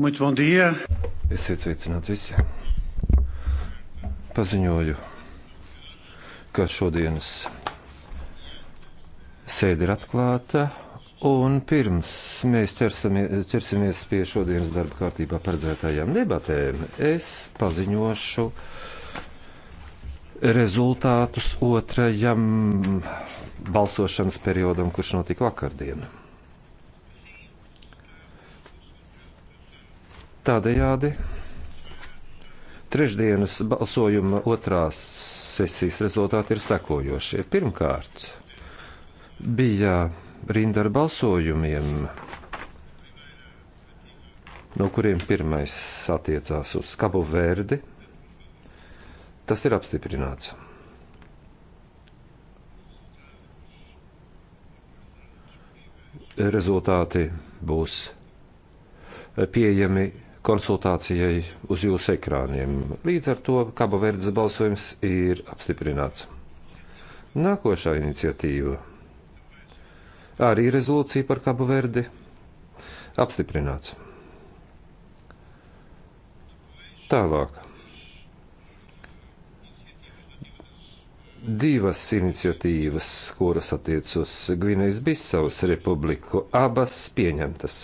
Muito bom dia! Esiet sveicināti visi! Paziņoju, ka šodienas sēde ir atklāta. Un pirms mēs ķersamies, ķersimies pie šodienas darba kārtībā paredzētajām debatēm, es paziņošu rezultātus otrajam balsošanas periodam, kurš notika vakardien. Tādējādi trešdienas balsojuma otrās sesijas rezultāti ir sekojošie. Pirmkārt, bija rinda ar balsojumiem, no kuriem pirmais attiecās uz Kabu Verdi. Tas ir apstiprināts. Rezultāti būs pieejami konsultācijai uz jūsu ekrāniem. Līdz ar to Kaba verdzes balsojums ir apstiprināts. Nākošā iniciatīva - arī rezolūcija par Kaba verdi - apstiprināts. Tālāk. Divas iniciatīvas, kuras attiec uz Gvinējas Bisavas republiku, abas pieņemtas.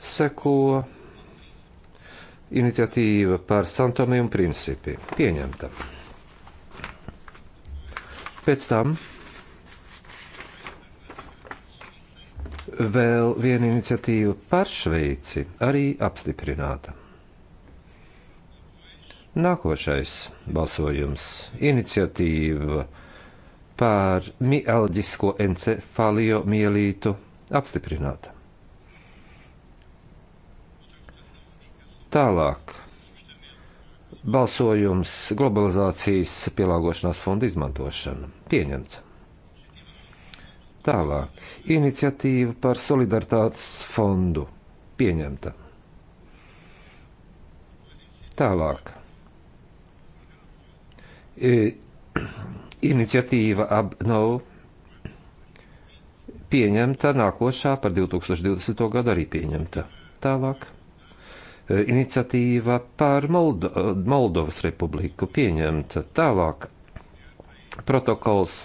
seko iniciatīva par santomiem principi. Pieņemta. Pēc tam vēl viena iniciatīva par Šveici arī apstiprināta. Nākošais balsojums - iniciatīva par mielģisko encefaliomielītu apstiprināta. Tālāk. Balsojums globalizācijas pielāgošanās fonda izmantošana. Pieņemts. Tālāk. Iniciatīva par solidaritātes fondu. Pieņemta. Tālāk. E, iniciatīva ab nav no, pieņemta, nākošā par 2020. gadu arī pieņemta. Tālāk. Eh, iniciatīva par Moldo Moldovas republiku pieņemta. Tālāk protokols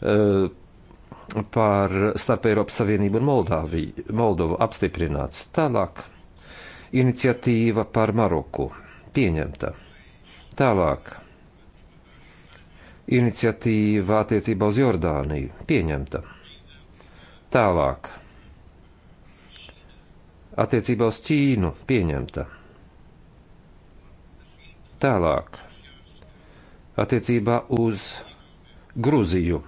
uh, par starp Eiropas Savienību un Moldāviju, Moldovu apstiprināts. Tālāk iniciatīva par Maroku pieņemta. Tālāk iniciatīva attiecībā uz Jordāniju pieņemta. Tālāk attiecībā uz Ķīnu pieņemta. Tālāk, attiecībā uz Gruziju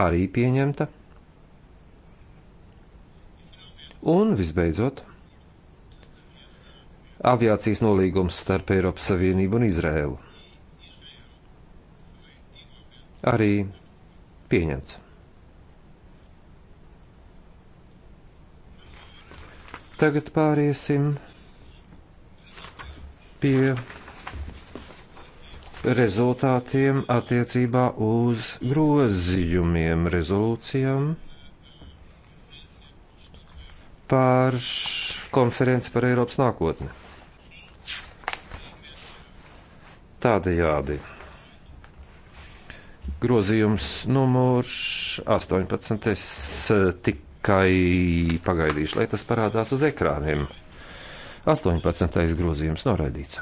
arī pieņemta. Un visbeidzot, aviācijas nolīgums starp Eiropas Savienību un Izrēlu arī pieņemts. Tagad pāriesim pie rezultātiem attiecībā uz grozījumiem rezolūcijām par konferenci par Eiropas nākotni. Tādējādi grozījums numurs 18 eh, tika tikai pagaidīšu, lai tas parādās uz ekrāniem. 18. grozījums noraidīts.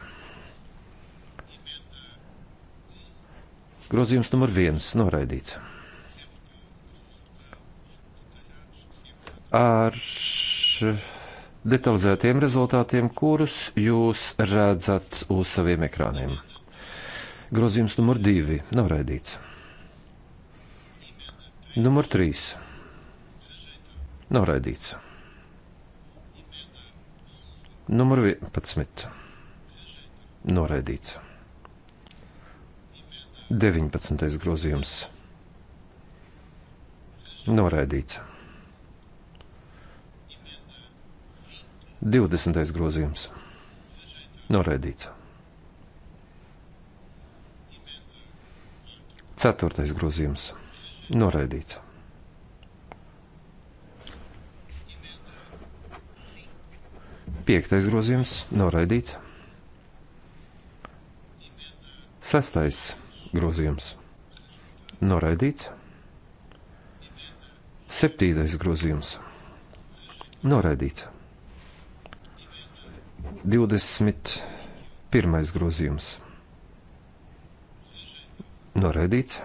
Grozījums numur 1 noraidīts. Ar detalizētiem rezultātiem, kurus jūs redzat uz saviem ekrāniem. Grozījums numur 2 noraidīts. Numur 3 Noraidīts. Numur 11. Noraidīts. 19. grozījums. Noraidīts. 20. grozījums. Noraidīts. 4. grozījums. Noraidīts. Piektais grozījums noraidīts. Sestais grozījums noraidīts. Septītais grozījums noraidīts. 21. grozījums noraidīts.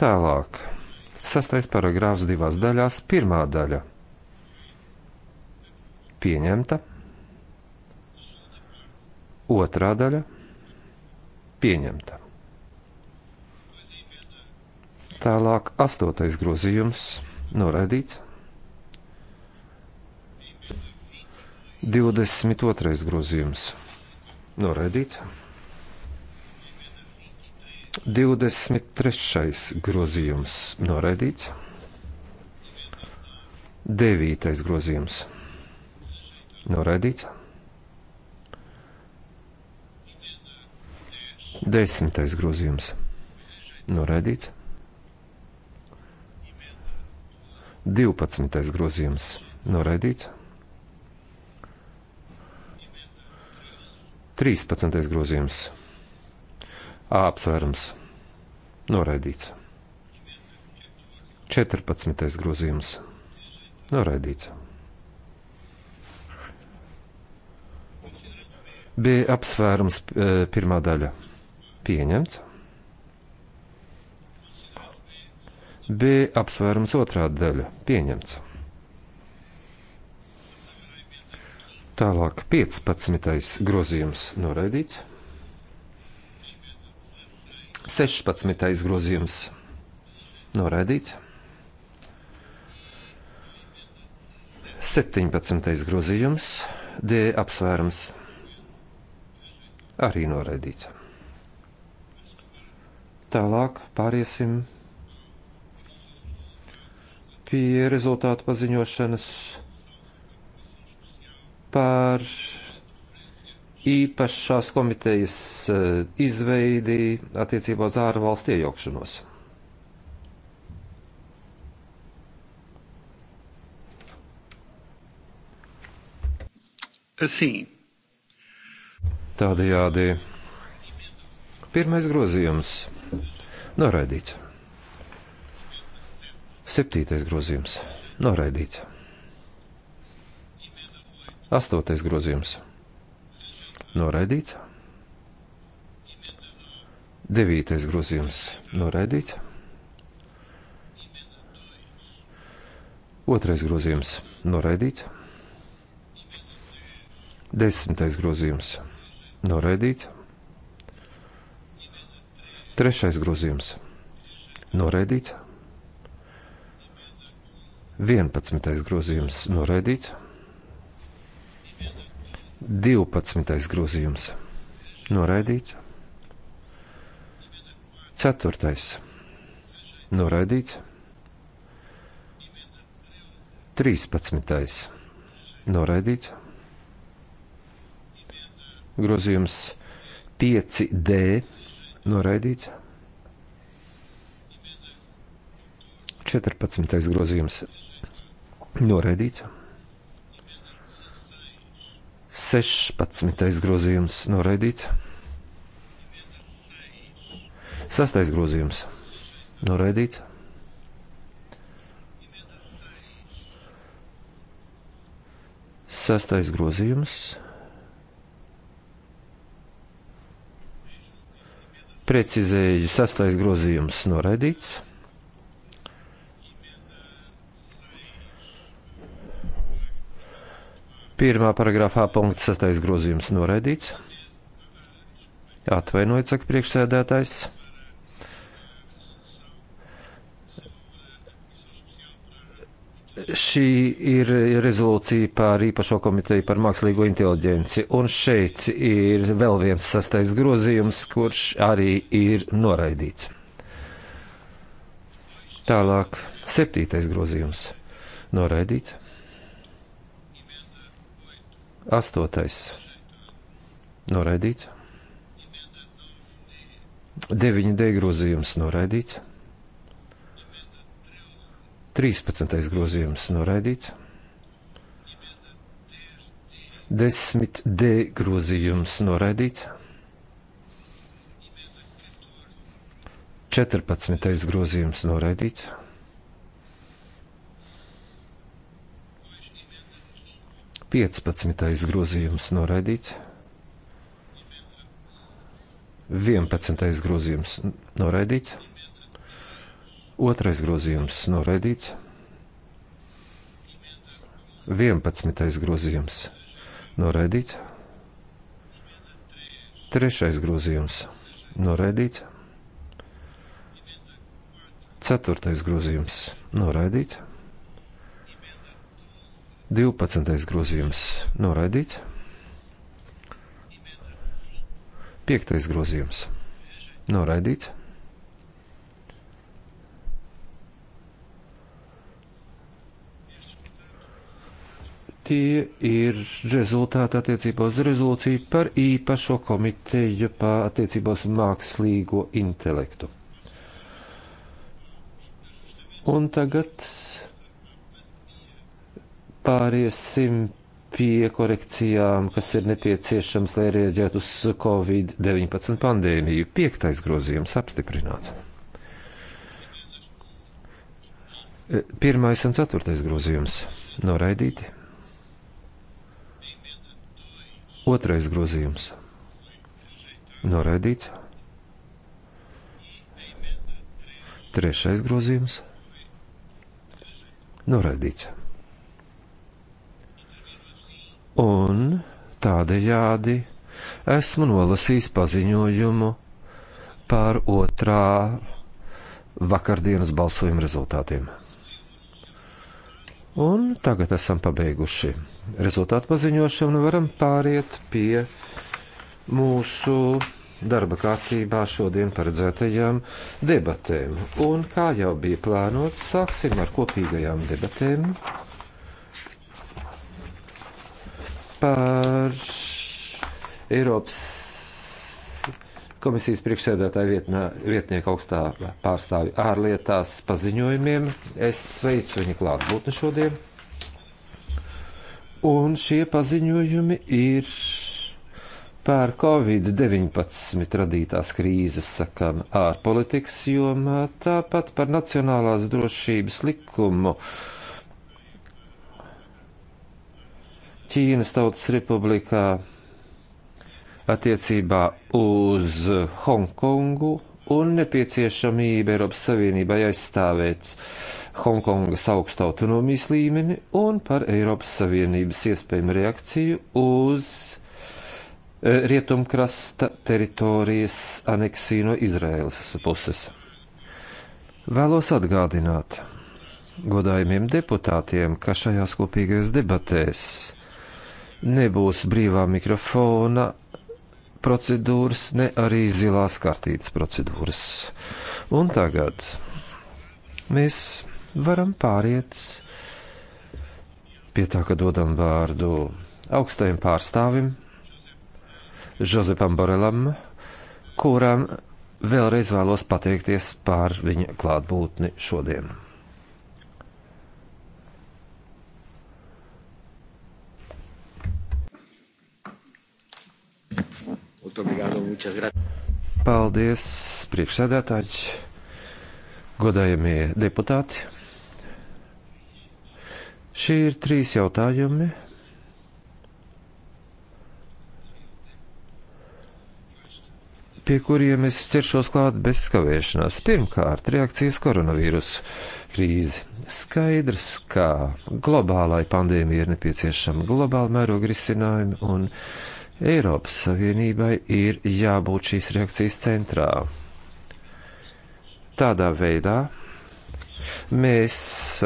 Tālāk. Sastais paragrāfs divās daļās. Pirmā daļa - pieņemta. Otrā daļa - pieņemta. Tālāk astotais grozījums - noraidīts. 22. grozījums - noraidīts. 23. grozījums noraidīts. 9. grozījums noraidīts. 10. grozījums noraidīts. 12. grozījums noraidīts. 13. grozījums noraidīts apsvērums noraidīts. 14. grozījums noraidīts. Bija apsvērums e, pirmā daļa pieņemts. Bija apsvērums otrā daļa pieņemts. Tālāk 15. grozījums noraidīts. 16. grozījums. Noraidīts. 17. grozījums. D apsvērums. Arī noraidīts. Tālāk pāriesim pie rezultātu paziņošanas par īpašās komitejas e, izveidi attiecībā uz ārvalstu iejaukšanos. Sīm. Tādējādi pirmais grozījums noraidīts. Septītais grozījums noraidīts. Astotais grozījums noraidīts. Noraidīts. Devītais grozījums. Noraidīts. Otrais grozījums. Noraidīts. Desmitais grozījums. Noraidīts. Trešais grozījums. Noraidīts. Vienpadsmitais grozījums. Noraidīts. 12. grozījums noraidīts. 4. noraidīts. 13. noraidīts. Grozījums 5D noraidīts. 14. grozījums noraidīts. 16. grozījums noraidīts. 6. grozījums noraidīts. Sastais grozījums. Precizēju, sastais grozījums noraidīts. Pirmā paragrāfā punkts sastais grozījums noraidīts. Atvainojiet, saka priekšsēdētājs. Šī ir rezolūcija par īpašo komiteju par mākslīgo inteliģenci, un šeit ir vēl viens sastais grozījums, kurš arī ir noraidīts. Tālāk, septītais grozījums noraidīts. Astotais. Noraidīts. 9D grozījums noraidīts. 13. grozījums noraidīts. 10D grozījums noraidīts. 14. grozījums noraidīts. 15. grozījums noraidīts. 11. grozījums noraidīts. 2. grozījums noraidīts. 11. grozījums noraidīts. 3. grozījums noraidīts. 4. grozījums noraidīts. 12. grozījums noraidīts. 5. grozījums noraidīts. Tie ir rezultāti attiecībā uz rezolūciju par īpašo komiteju pār attiecībā uz mākslīgo intelektu. Un tagad Pāriesim pie korekcijām, kas ir nepieciešams, lai rieģētu uz Covid-19 pandēmiju. Piektais grozījums apstiprināts. Pirmais un ceturtais grozījums noraidīti. Otrais grozījums noraidīts. Trešais grozījums noraidīts un tādējādi esmu nolasījis paziņojumu par otrā vakardienas balsojuma rezultātiem. Un tagad esam pabeiguši rezultātu paziņošanu un varam pāriet pie mūsu darba kārtībā šodien paredzētajām debatēm. Un kā jau bija plānots, sāksim ar kopīgajām debatēm par Eiropas komisijas priekšsēdētāja vietnā, vietnieka augstā pārstāvja ārlietās paziņojumiem. Es sveicu viņu klātbūtni šodien. Un šie paziņojumi ir par Covid-19 radītās krīzes sakām ārpolitikas jomā, tāpat par nacionālās drošības likumu uh, Ķīnas Tautas Republikā attiecībā uz Hongkongu un nepieciešamība Eiropas Savienībai aizstāvēt Hongkongas augstu autonomijas līmeni un par Eiropas Savienības iespējamu reakciju uz eh, rietumkrasta teritorijas aneksiju no Izraēlas puses. Vēlos atgādināt godājumiem deputātiem, ka šajās kopīgajās debatēs nebūs brīvā mikrofona procedūras, ne arī zilās kartītes procedūras. Un tagad mēs varam pāriet pie tā, ka dodam vārdu augstajam pārstāvim, Žozepam Borelam, kuram vēlreiz vēlos pateikties par viņa klātbūtni šodien. Paldies, priekšsēdētāji, godājamie deputāti. Šie ir trīs jautājumi. pie kuriem es ķeršos klāt bez kavēšanās. Pirmkārt, reakcijas koronavīrusu krīzi. Skaidrs, ka globālai pandēmija ir nepieciešama globāla mēroga risinājuma, un Eiropas Savienībai ir jābūt šīs reakcijas centrā. Tādā veidā mēs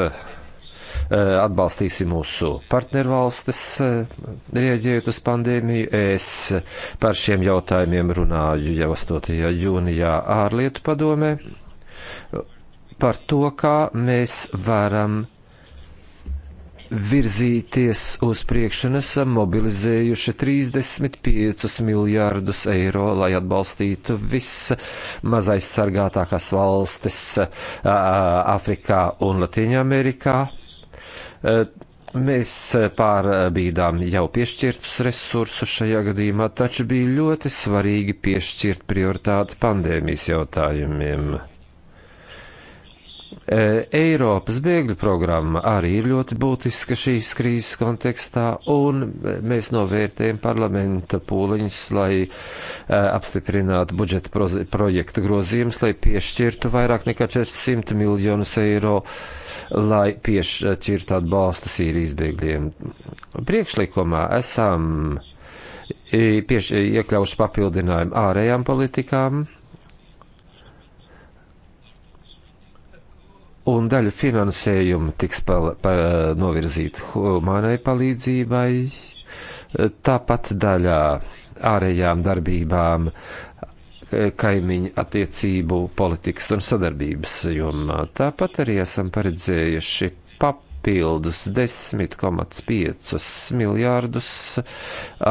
eh, atbalstīsim mūsu partnervalstis, eh, rieģējot uz pandēmiju. Es par šiem jautājumiem runāju jau 8. jūnijā ārlietu padomē, par to, kā mēs varam virzīties uz priekšu un esam mobilizējuši 35 miljārdus eiro, lai atbalstītu vismaz aizsargātākās valstis Āfrikā un Latīņamerikā. Mēs pārbīdām jau piešķirtus resursus šajā gadījumā, taču bija ļoti svarīgi piešķirt prioritāti pandēmijas jautājumiem. E, Eiropas bēgļu programma arī ir ļoti būtiska šīs krīzes kontekstā, un mēs novērtējam parlamenta pūliņus, lai e, apstiprinātu budžeta projekta grozījumus, lai piešķirtu vairāk nekā 400 miljonus eiro, lai piešķirtu atbalstu Sīrijas bēgļiem. Priekšlikumā esam e, pieš, iekļauši papildinājumu ārējām politikām un daļa finansējuma tiks pal, pa, novirzīta humānai palīdzībai, tāpat daļā ārējām darbībām, kaimiņu attiecību politikas un sadarbības jomā. Tāpat arī esam paredzējuši papildus 10,5 miljārdus,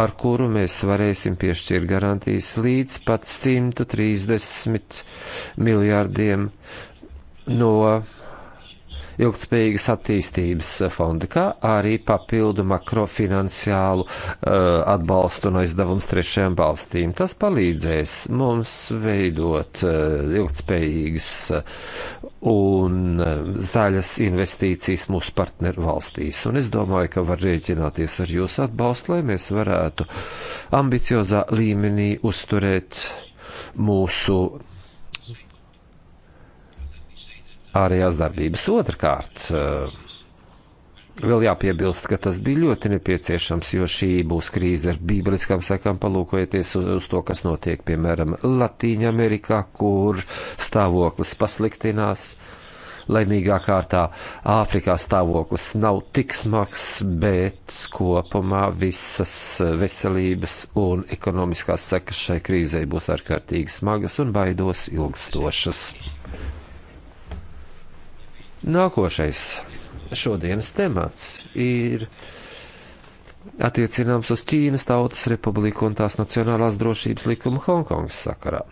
ar kuru mēs varēsim piešķirt garantijas līdz pat 130 miljārdiem no ilgtspējīgas attīstības fonda, kā arī papildu makrofinansiālu uh, eh, atbalstu no aizdevums trešajām valstīm. Tas palīdzēs mums veidot uh, ilgtspējīgas eh, un zaļas investīcijas mūsu partneru valstīs. Un es domāju, ka var rēķināties ar jūsu atbalstu, lai mēs varētu ambiciozā līmenī uzturēt mūsu ārējās darbības. Otrakārt, eh, vēl jāpiebilst, ka tas bija ļoti nepieciešams, jo šī būs krīze ar bībeliskām sekām, palūkojieties uz, uz to, kas notiek, piemēram, Latīņa Amerikā, kur stāvoklis pasliktinās. Laimīgā kārtā Āfrikā stāvoklis nav tik smags, bet kopumā visas veselības un ekonomiskās sekas šai krīzei būs ārkārtīgi smagas un baidos ilgstošas. Nākošais šodienas temats ir attiecināms uz Ķīnas Tautas Republiku un tās Nacionālās drošības likumu Hongkongas sakarā.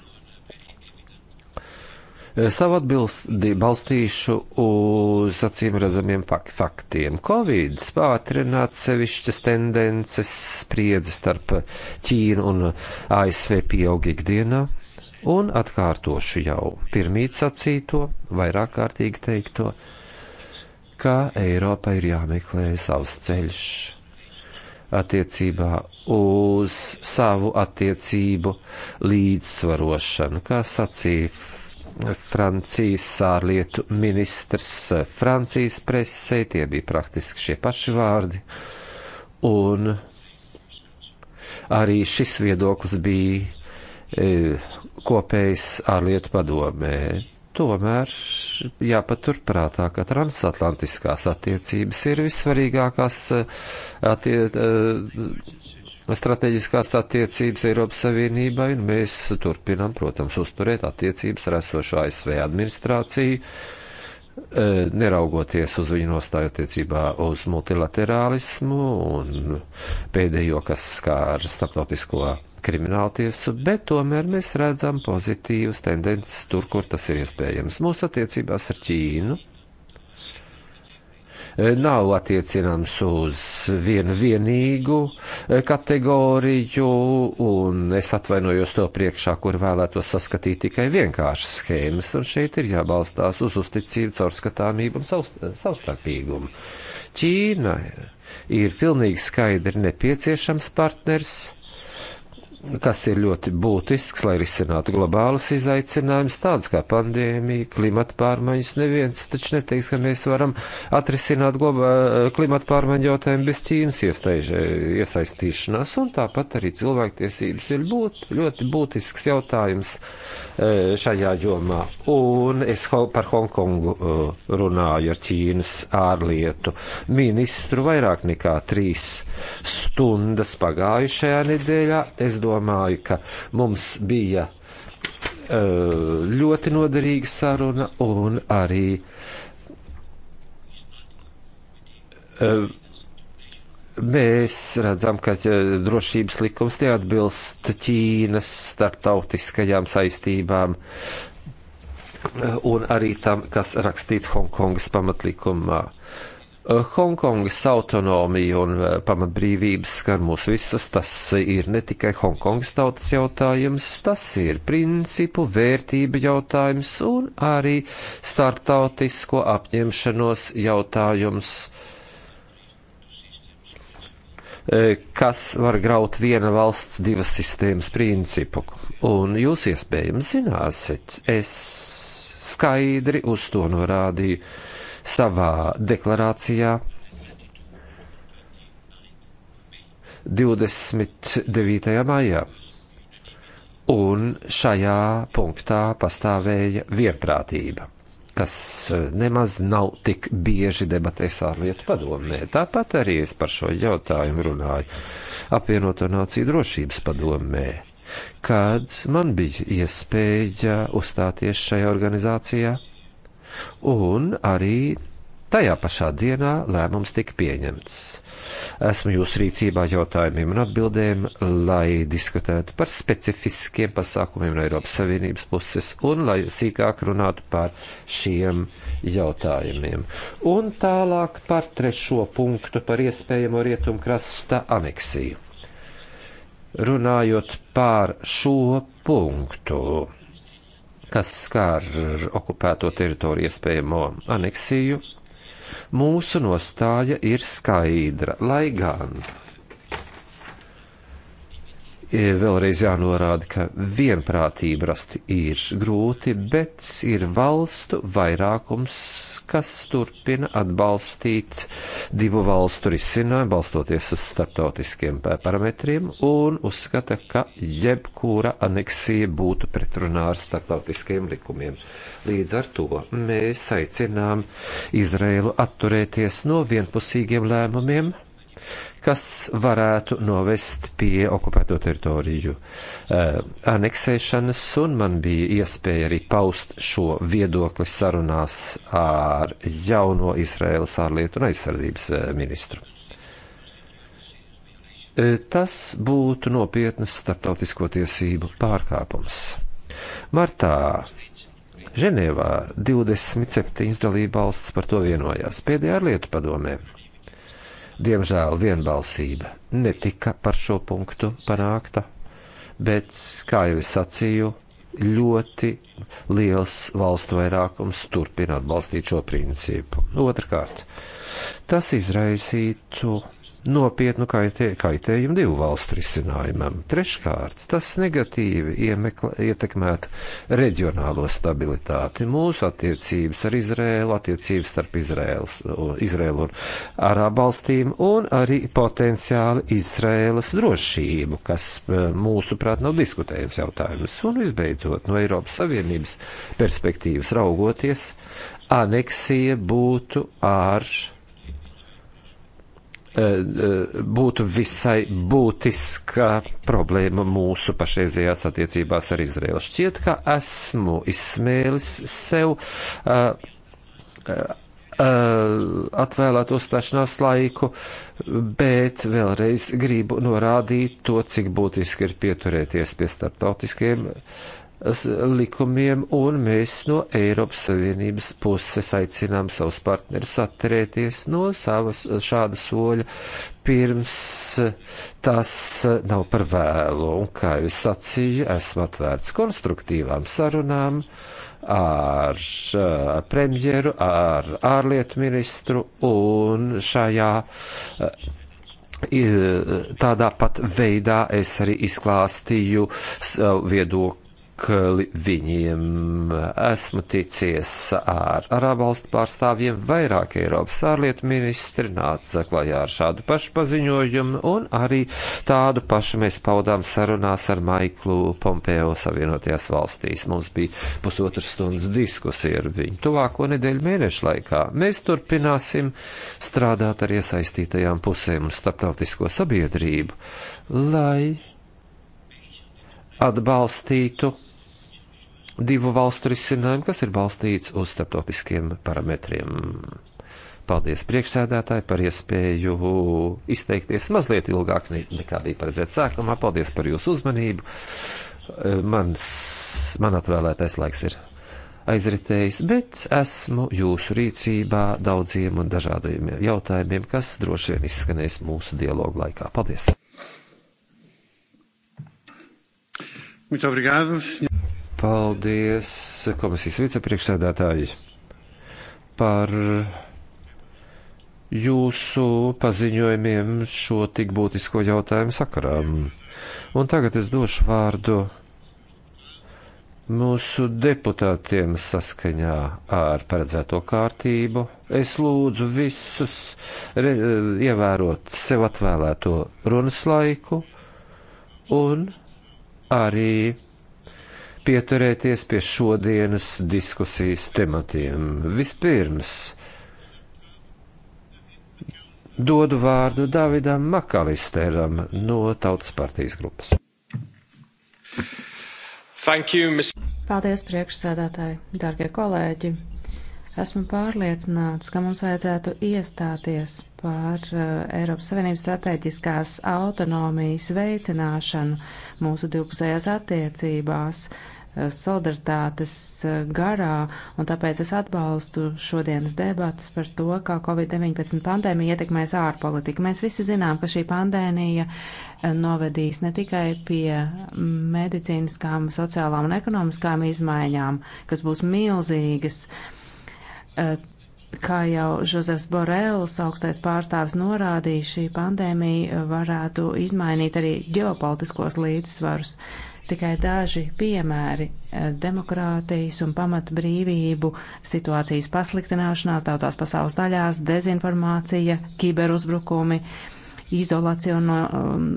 Savu atbildi balstīšu uz acīm redzamiem faktiem. Covid spātrināt sevišķas tendences spriedzi starp Ķīnu un ASV pieaug ikdienā. Un atkārtošu jau pirmīt sacīto, vairāk kārtīgi teikto, kā Eiropa ir jāmeklē savs ceļš attiecībā uz savu attiecību līdzsvarošanu, kā sacīja Francijas ārlietu ministrs Francijas presē, tie bija praktiski šie paši vārdi, un arī šis viedoklis bija e, kopējas ārlietu padomē. Tomēr jāpaturprātā, ka transatlantiskās attiecības ir vissvarīgākās eh, attie, eh, strateģiskās attiecības Eiropas Savienībai, un mēs turpinam, protams, uzturēt attiecības ar esošo ASV administrāciju, eh, neraugoties uz viņu nostāju attiecībā uz multilaterālismu un pēdējo, kas skāra starptautisko krimināltiesu, bet tomēr mēs redzam pozitīvas tendences tur, kur tas ir iespējams. Mūsu attiecībās ar Ķīnu e, nav attiecināms uz vienu vienīgu e, kategoriju, un es atvainojos to priekšā, kur vēlētos saskatīt tikai vienkāršas schēmas, un šeit ir jābalstās uz uzticību, caurskatāmību un e, savstarpīgumu. Ķīna ir pilnīgi skaidri nepieciešams partners kas ir ļoti būtisks, lai risinātu globālus izaicinājumus, tādus kā pandēmija, klimata pārmaiņas. Neviens taču neteiks, ka mēs varam atrisināt globā, klimata pārmaiņu jautājumu bez Ķīnas iesaistīšanās, un tāpat arī cilvēktiesības ir būt, ļoti būtisks jautājums e, šajā jomā. Un es par Hongkongu e, runāju ar Ķīnas ārlietu ministru vairāk nekā trīs stundas pagājušajā nedēļā. Es domāju, domāju, ka mums bija e, ļoti noderīga saruna un arī e, Mēs redzam, ka e, drošības likums neatbilst Ķīnas starptautiskajām saistībām un arī tam, kas rakstīts Hongkongas pamatlikumā. Uh, Eh, Hongkongas autonomija un eh, pamatbrīvības skar mūs visus. Tas ir ne tikai Hongkongas tautas jautājums, tas ir principu, vērtību jautājums un arī starptautisko apņemšanos jautājums, eh, kas var graut viena valsts divas sistēmas principu. Un jūs iespējams zināsiet, es skaidri uz to norādīju savā deklarācijā 29. maijā. Un šajā punktā pastāvēja vienprātība, kas e, nemaz nav tik bieži debatēs ārlietu padomē. Tāpat arī es par šo jautājumu runāju apvienoto nāciju drošības padomē, kad man bija iespēja uzstāties šajā organizācijā un arī tajā pašā dienā lēmums tika pieņemts. Esmu jūsu rīcībā jautājumiem un atbildēm, lai diskutētu par specifiskiem pasākumiem no Eiropas Savienības puses un lai sīkāk runātu par šiem jautājumiem. Un tālāk par trešo punktu par iespējamo rietumkrasta aneksiju. Runājot par šo punktu kas skār okupēto teritoriju iespējamo aneksiju, mūsu nostāja ir skaidra, lai gan Vēlreiz jānorāda, ka vienprātība rast ir grūti, bet ir valstu vairākums, kas turpina atbalstīt divu valstu risinājumu, balstoties uz starptautiskiem parametriem, un uzskata, ka jebkura aneksija būtu pretrunā ar starptautiskiem likumiem. Līdz ar to mēs aicinām Izrēlu atturēties no vienpusīgiem lēmumiem kas varētu novest pie okupēto teritoriju uh, aneksēšanas, un man bija iespēja arī paust šo viedokli sarunās ar jauno Izraēlas ārlietu un aizsardzības eh, ministru. Eh, tas būtu nopietnas starptautisko tiesību pārkāpums. Martā Ženēvā 27 dalībvalsts par to vienojās pēdējā ārlietu padomē Diemžēl vienbalsība netika par šo punktu panākta, bet, kā jau es sacīju, ļoti liels valstu vairākums turpina atbalstīt šo principu. Otrkārt, tas izraisītu nopietnu kaitē, kaitējumu divu valstu risinājumam. Treškārt, tas negatīvi iemekla, ietekmētu reģionālo stabilitāti, mūsu attiecības ar Izrēlu, attiecības starp Izrēlas, Izrēlu un Arābalstīm, un arī potenciāli Izrēlas drošību, kas e, mūsuprāt nav diskutējams jautājums. Un visbeidzot, no Eiropas Savienības perspektīvas raugoties, aneksija būtu ārš Eh, eh, būtu visai būtiska problēma mūsu pašreizējās attiecībās ar Izraelu. Šķiet, ka esmu izsmēlis sev uh, eh, uh, atvēlēt uzstāšanās laiku, bet vēlreiz gribu norādīt to, cik būtiski ir pieturēties pie starptautiskiem uh, likumiem, un mēs no Eiropas Savienības puses aicinām savus partnerus atturēties no savas šāda soļa pirms tas nav par vēlu. Un, kā jau es sacīju, esmu atvērts konstruktīvām sarunām ar eh, premjeru, ar ārlietu ministru un šajā eh, tādā pat veidā es arī izklāstīju savu viedokli viņiem. Esmu ticies ar arābalstu pārstāvjiem, vairāk Eiropas ārlietu ministri nāca klajā ar šādu pašu paziņojumu, un arī tādu pašu mēs paudām sarunās ar Maiklu Pompeo Savienotajās valstīs. Mums bija pusotras stundas diskusija ar viņu. Tuvāko nedēļu mēnešu laikā mēs turpināsim strādāt ar iesaistītajām pusēm un starptautisko sabiedrību, lai atbalstītu divu valstu risinājumu, kas ir balstīts uz starptautiskiem parametriem. Paldies priekšsēdētāji par iespēju izteikties mazliet ilgāk nekā bija paredzēts sākumā. Paldies par jūsu uzmanību. E, mans, man atvēlētais laiks ir aizritējis, bet esmu jūsu rīcībā daudziem un dažādiem jautājumiem, kas droši vien izskanēs mūsu dialogu laikā. Paldies! Muito obrigado, senhor. Paldies komisijas vicepriekšsēdētāji par jūsu paziņojumiem šo tik būtisko jautājumu sakarā. Un tagad es došu vārdu mūsu deputātiem saskaņā ar paredzēto kārtību. Es lūdzu visus re, ievērot sev atvēlēto runas laiku un arī pieturēties pie šodienas diskusijas tematiem. Vispirms dodu vārdu Davidam Makalisteram no Tautas partijas grupas. Thank you, Ms. Paldies, priekšsēdētāji, darbie kolēģi! Esmu pārliecināts, ka mums vajadzētu iestāties par uh, Eiropas Savienības strateģiskās autonomijas veicināšanu mūsu divpusējās attiecībās. Uh, solidaritātes eh, garā, un tāpēc es atbalstu šodienas debatas par to, kā Covid-19 pandēmija ietekmēs ārpolitiku. Mēs visi zinām, ka šī pandēmija eh, novedīs ne tikai pie medicīniskām, sociālām un ekonomiskām izmaiņām, kas būs milzīgas. Eh, kā jau Žozefs Borels, augstais pārstāvis, norādīja, šī pandēmija varētu izmainīt arī ģeopolitiskos līdzsvarus. Uh, tikai daži piemēri eh, demokrātijas un pamatbrīvību situācijas pasliktināšanās daudzās pasaules daļās, dezinformācija, kiberuzbrukumi, um,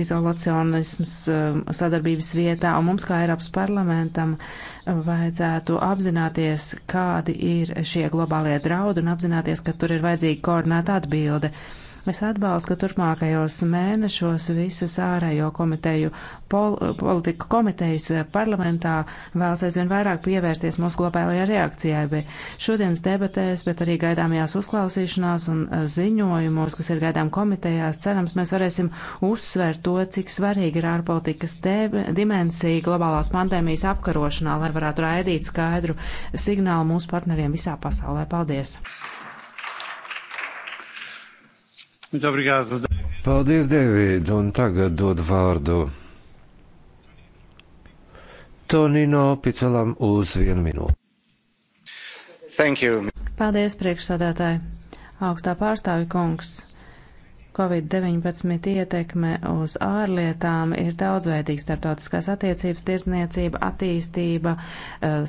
izolacionisms um, sadarbības vietā, un mums kā Eiropas parlamentam um, vajadzētu apzināties, kādi ir šie globālie draudi, un apzināties, ka tur ir vajadzīga koordinēta atbilde. Uh, Mēs atbalstam, ka turpmākajos mēnešos visas ārējo komiteju pol politiku komitejas parlamentā vēlas aizvien vairāk pievērsties mūsu globālajai reakcijai, bet šodienas debatēs, bet arī gaidāmajās uzklausīšanās un eh, ziņojumos, kas ir gaidām komitejās, cerams, mēs varēsim uzsvērt to, cik svarīgi ir ārpolitikas dimensija globālās pandēmijas apkarošanā, lai varētu raidīt skaidru signālu mūsu partneriem visā pasaulē. Paldies! Paldies, Dēvid, un tagad dod vārdu Tonino Picelam uz vienu minūti. Thank you. Paldies, priekšsādātāji. Augstā pārstāvi kungs. Covid-19 ietekme uz ārlietām ir daudzveidīga starptautiskās attiecības, tirzniecība, attīstība, eh,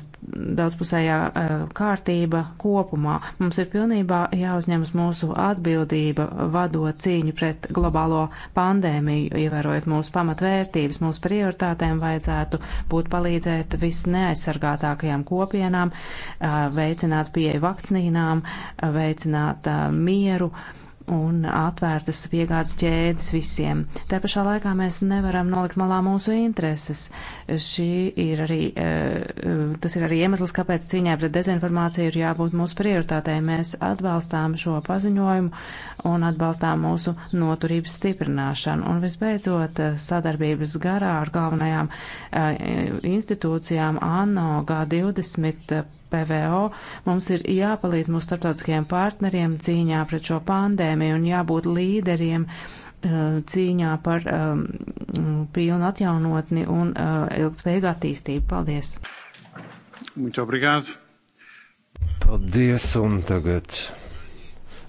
daudzpusējā eh, kārtība kopumā. Mums ir pilnībā jāuzņemas mūsu atbildība vadot cīņu pret globālo pandēmiju, ievērojot mūsu pamatvērtības, mūsu prioritātēm vajadzētu būt palīdzēt visneaizsargātākajām kopienām, eh, veicināt pieeju vakcīnām, veicināt mieru un atvērtas piegādes ķēdes visiem. Tā pašā laikā mēs nevaram nolikt malā mūsu intereses. Šī ir arī, eh, tas ir arī iemesls, kāpēc cīņai pret dezinformāciju ir jābūt mūsu prioritātei. Mēs atbalstām šo paziņojumu un atbalstām mūsu noturības stiprināšanu. Un visbeidzot, eh, sadarbības garā ar galvenajām eh, institūcijām ANO G20 PVO, mums ir jāpalīdz mūsu starptautiskajiem partneriem cīņā pret šo pandēmiju un jābūt līderiem uh, cīņā par um, pilnu atjaunotni un uh, ilgspējīgu attīstību. Paldies! Muito obrigado! Paldies, un tagad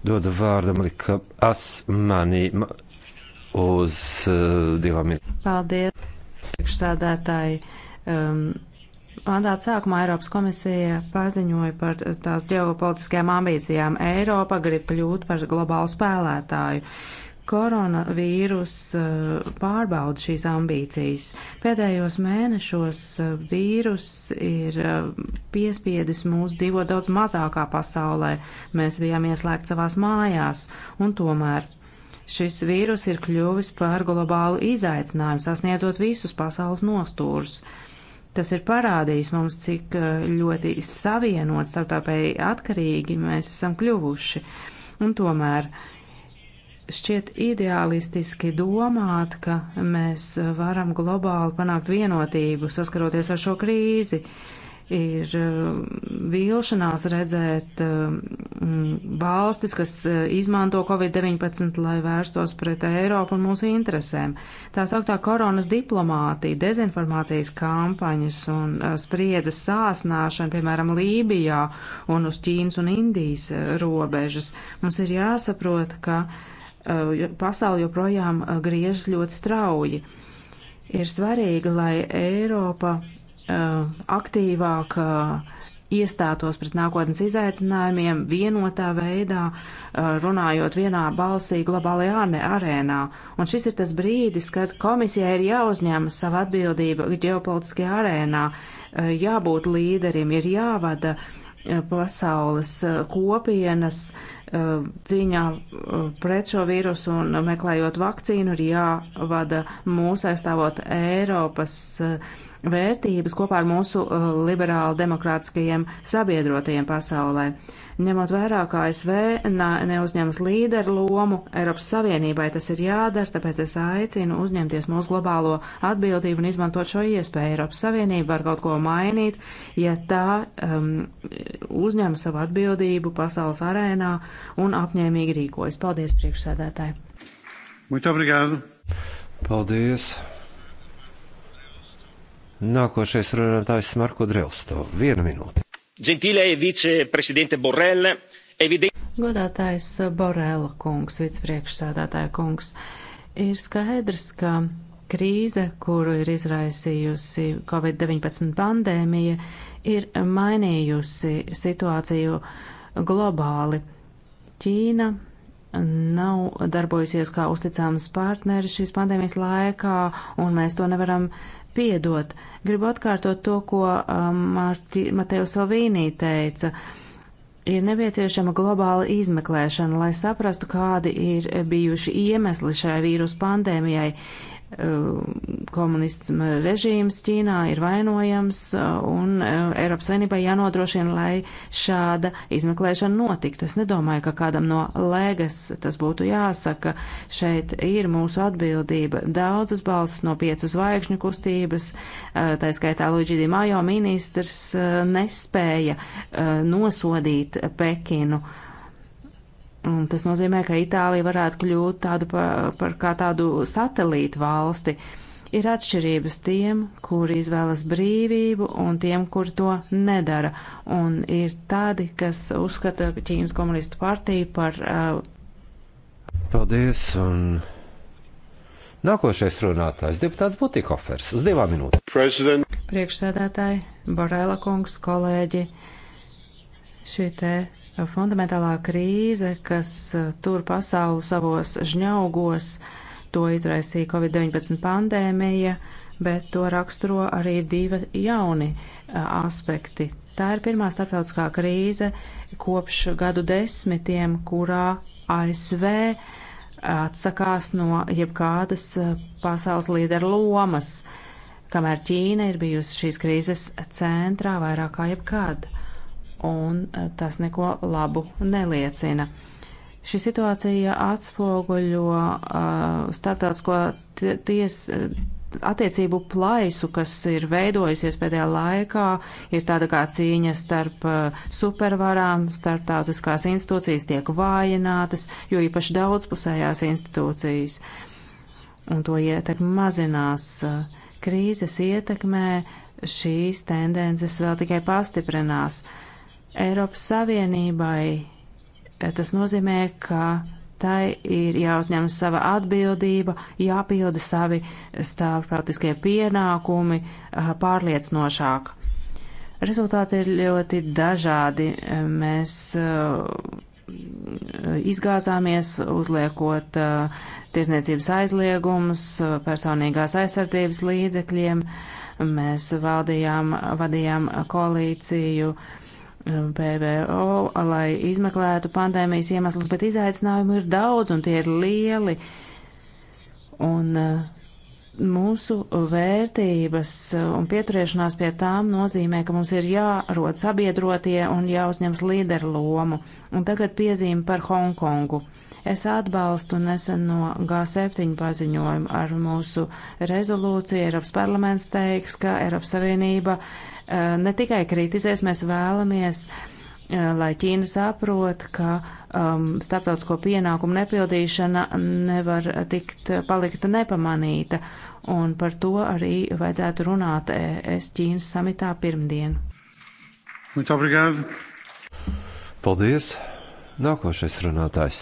dodu vārdu Malika Asmani uz uh, divām minūtēm. Paldies, priekšsādātāji! Um, mandāta sākumā Eiropas komisija paziņoja par tās ģeopolitiskajām ambīcijām. Eiropa grib kļūt par globālu spēlētāju. Koronavīrus eh, pārbauda šīs ambīcijas. Pēdējos mēnešos eh, vīrus ir eh, piespiedis mūs dzīvot daudz mazākā pasaulē. Mēs bijām ieslēgti savās mājās, un tomēr šis vīrus ir kļuvis par globālu izaicinājumu, sasniedzot visus pasaules nostūrus. Uh, Tas ir parādījis mums, cik eh, ļoti savienot starptāpēji atkarīgi mēs esam kļuvuši. Un tomēr šķiet ideālistiski domāt, ka mēs varam globāli panākt vienotību saskaroties ar šo krīzi. Uh, ir eh, vīlšanās redzēt eh, mm, valstis, kas eh, izmanto Covid-19, lai vērstos pret Eiropu un mūsu interesēm. Tā sauktā koronas diplomātija, dezinformācijas kampaņas un spriedzes sāsnāšana, piemēram, Lībijā un uz Ķīnas un Indijas robežas. Mums ir jāsaprot, ka pasauli joprojām griežas ļoti strauji. Ir svarīgi, lai Eiropa Uh, aktīvāk uh, iestātos pret nākotnes izaicinājumiem vienotā veidā, uh, runājot vienā balsī globālajā arēnā. Un šis ir tas brīdis, kad komisijai ir jāuzņemas sava atbildība ģeopolitiskajā arēnā, jābūt līderim, ir jāvada pasaules kopienas, uh, Uh, cīņā uh, pret šo vīrusu un meklējot vakcīnu ir jāvada mūsu aizstāvot Eiropas uh, vērtības kopā ar mūsu liberāli demokrātiskajiem sabiedrotajiem pasaulē. Ņemot vērā, ka ASV neuzņemas līderu lomu Eiropas Savienībai, tas ir jādara, tāpēc es aicinu uzņemties mūsu globālo atbildību un izmantot šo iespēju. Eiropas Savienība var kaut ko mainīt, ja tā um, uzņem savu atbildību pasaules arēnā un apņēmīgi rīkojas. Paldies, priekšsēdētāji! Muito obrigado! Paldies! Nākošais runātājs Marko Drelsto. Viena minūte. Gentile viceprezidente Borrell, evidenti. Godātais Borrella kungs, vicepriekšsēdētāja kungs, ir skaidrs, ka krīze, kuru ir izraisījusi Covid-19 pandēmija, ir mainījusi situāciju globāli. Ķīna nav darbojusies kā uzticams partneris šīs pandēmijas laikā, un mēs to nevaram piedot. Gribu atkārtot to, ko um, Marti, Mateo Salvīnī teica. Ir nepieciešama globāla izmeklēšana, lai saprastu, kādi ir bijuši iemesli šai vīrusu pandēmijai. Um, komunisma režīms Ķīnā ir vainojams uh, un uh, Eiropas Savienībai jānodrošina, lai šāda izmeklēšana notiktu. Es nedomāju, ka kādam no lēgas tas būtu jāsaka. Šeit ir mūsu atbildība. Daudzas balsas no piecu zvaigžņu kustības, uh, tā skaitā Luigi Di Majo ministrs, nespēja nosodīt Pekinu Un tas nozīmē, ka Itālija varētu kļūt tādu par, par kā tādu satelītu valsti. Ir atšķirības tiem, kuri izvēlas brīvību un tiem, kuri to nedara. Un ir tādi, kas uzskata Ķīnas komunistu partiju par. Uh... Paldies, un nākošais runātājs - deputāts Butikofers uz divām minūtēm. President. Priekšsēdētāji, Borela kungs, kolēģi, šī te fundamentālā krīze, kas eh, tur pasauli savos žņaugos, to izraisīja Covid-19 pandēmija, bet to raksturo arī divi jauni eh, aspekti. Tā ir pirmā starptautiskā krīze kopš gadu desmitiem, kurā ASV eh, atsakās no jebkādas pasaules līderu lomas, kamēr Ķīna ir bijusi šīs krīzes centrā vairāk kā jebkad un e, tas neko labu neliecina. Šī situācija atspoguļo uh, starptautisko ties, e, attiecību plaisu, kas ir veidojusies pēdējā laikā, ir tāda kā cīņa starp supervarām, starptautiskās institūcijas tiek vājinātas, jo īpaši daudzpusējās institūcijas. Un to ietekmi mazinās. Krīzes ietekmē šīs tendences vēl tikai pastiprinās. Uh, Eiropas Savienībai e, tas nozīmē, ka tai ir jāuzņem sava atbildība, jāpilda savi starptautiskie pienākumi e, pārliecinošāk. Rezultāti ir ļoti dažādi. E, mēs izgāzāmies, uzliekot tiesniecības aizliegumus personīgās aizsardzības līdzekļiem. Mēs valdījām, vadījām koalīciju uh, PVO, lai izmeklētu pandēmijas iemeslus, bet izaicinājumu ir daudz un tie ir lieli. Un eh, mūsu vērtības un pieturēšanās pie tām nozīmē, ka mums ir jārod sabiedrotie un jāuzņems līderu lomu. Un tagad piezīme par Hongkongu. Es atbalstu neseno no G7 paziņojumu ar mūsu rezolūciju. Eiropas parlaments teiks, ka Eiropas Savienība uh, Eh, ne tikai kritizēs, mēs vēlamies, eh, lai Ķīna saprot, ka um, starptautisko pienākumu nepildīšana nevar tikt eh, palikta nepamanīta, un par to arī vajadzētu runāt es Ķīnas samitā pirmdien. Muito obrigado. Paldies! Nākošais runātājs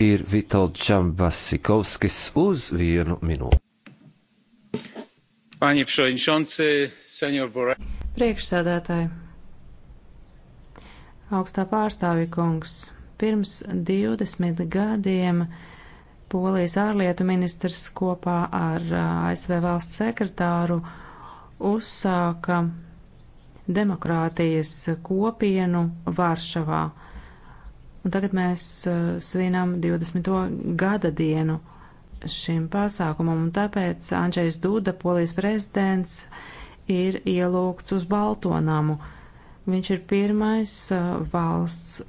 ir Vitals Čambasikovskis uz vienu minūti. Panie Przewodniczący, Senior Borel. Priekšsēdētāji, augstā pārstāvja kungs, pirms 20 gadiem Polijas ārlietu ministrs kopā ar ASV valsts sekretāru uzsāka demokrātijas kopienu Varšavā. Un tagad mēs svinam 20. gada dienu šim pasākumam, un tāpēc Andrzejs Duda, polijas prezidents, ir ielūgts uz Baltonamu. Viņš ir pirmais uh, valsts uh,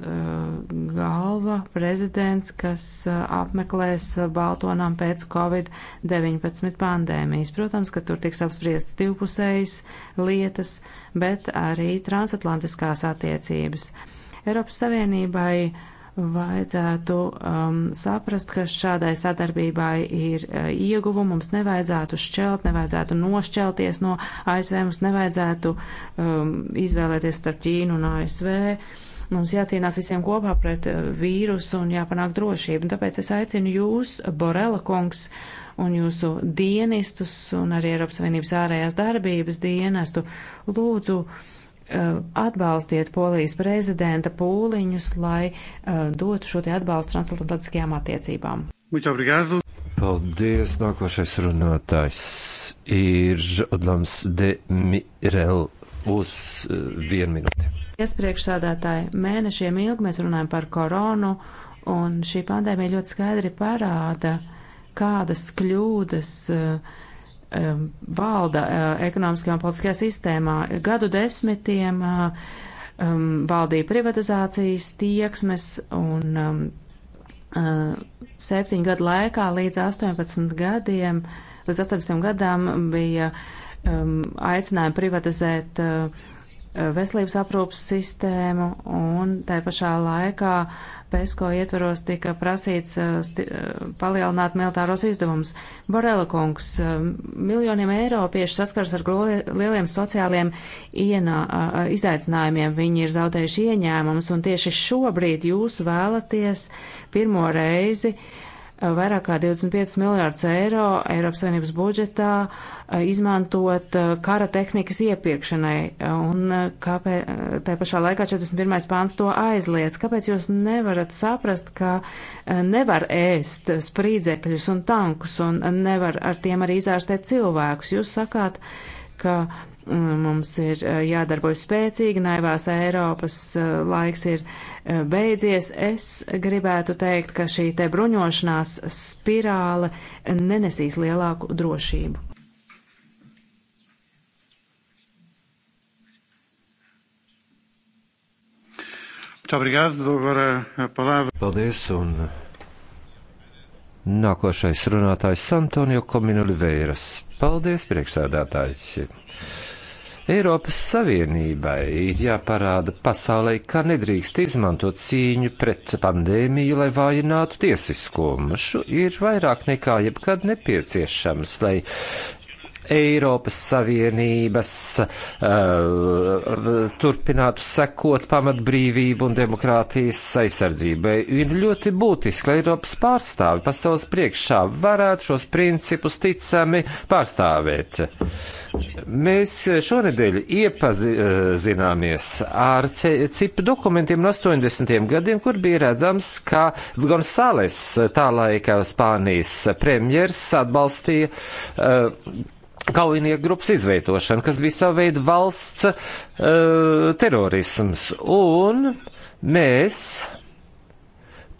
galva prezidents, kas uh, apmeklēs Baltonām pēc Covid-19 pandēmijas. Protams, ka tur tiks apspriestas divpusējas lietas, bet arī transatlantiskās attiecības. Eiropas Savienībai uh, vajadzētu um, saprast, ka šādai sadarbībai ir uh, ieguvumi, mums nevajadzētu šķelt, nevajadzētu nošķelties no ASV, mums nevajadzētu um, izvēlēties starp Ķīnu un ASV. Mums jācīnās visiem kopā pret uh, vīrusu un jāpanāk drošība. Un tāpēc es aicinu jūs, Borela kungs, un jūsu dienistus un arī Eiropas Savienības ārējās darbības dienestu, lūdzu, uh, Eh, atbalstiet Polijas prezidenta pūliņus, lai eh, dotu šo te atbalstu transatlantiskajām attiecībām. Paldies! Nākošais runātājs ir Odlams de Mirel uz eh, vienu minūti. Iespriekšsādātāji, mēnešiem ilgi mēs runājam par koronu, un šī pandēmija ļoti skaidri parāda, kādas kļūdas uh, Um, valda uh, ekonomiskajā un politiskajā sistēmā. Gadu desmitiem uh, um, valdīja privatizācijas tieksmes un um, uh, septiņu gadu laikā līdz 18 gadiem, līdz 18 gadām bija um, aicinājumi privatizēt uh, Eh, veselības aprūpas sistēmu, un tai pašā laikā PESCO ietvaros tika prasīts eh, eh, palielināt militāros izdevumus. Borela kungs, miljoniem eiropiešu saskars ar lieliem sociāliem ienā, izaicinājumiem. Viņi ir zaudējuši ieņēmumus, un tieši šobrīd jūs vēlaties pirmo reizi uh, vairāk kā 25 miljārdus eiro Eiropas Savienības budžetā eh, izmantot eh, kara tehnikas iepirkšanai, un eh, kāpēc, tā pašā laikā 41. pāns to aizliedz. Kāpēc jūs nevarat saprast, ka nevar ēst sprīdzekļus un tankus, un nevar ar tiem arī izārstēt cilvēkus? Jūs sakāt, ka Mums ir eh, jādarbojas spēcīgi, naivās Eiropas eh, laiks ir eh, beidzies. Es gribētu teikt, ka šī te bruņošanās spirāle nenesīs lielāku drošību. Paldies, un nākošais runātājs Santonio Kominu Liveiras. Paldies, priekšsēdētājs! Eiropas Savienībai ir jāparāda pasaulē, ka nedrīkst izmantot cīņu pret pandēmiju, lai vājinātu tiesiskumu. Šo ir vairāk nekā jebkad nepieciešams, lai Eiropas Savienības uh, turpinātu sekot pamatbrīvību un demokrātijas aizsardzībai. Ir ļoti būtiski, lai Eiropas pārstāvi pasaules priekšā varētu šos principus ticami pārstāvēt. Mēs šonedēļ iepazināmies ar cipu dokumentiem no 80. gadiem, kur bija redzams, ka Gonzales tā laika Spānijas premjers atbalstīja uh, kaujinieku grupas izveidošana, kas bija sava veida valsts uh, terorisms. Un mēs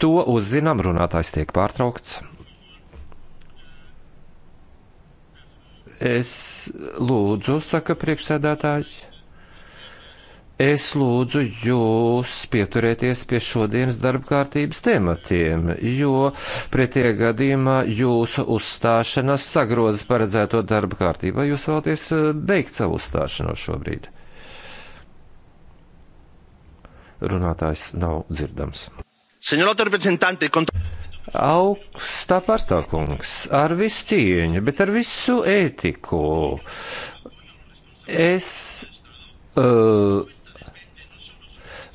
to uzzinām, runātājs tiek pārtraukts. Es lūdzu, saka priekšsēdētājs. Es lūdzu jūs pieturēties pie šodienas darba kārtības tematiem, jo pretie gadījumā jūsu uzstāšanās sagroza paredzēto darba kārtību. Vai jūs vēlaties eh, beigt savu uzstāšanos šobrīd? Runātājs nav dzirdams. Augstā pārstāvkungs, ar visu cieņu, bet ar visu ētiku. Es. Uh,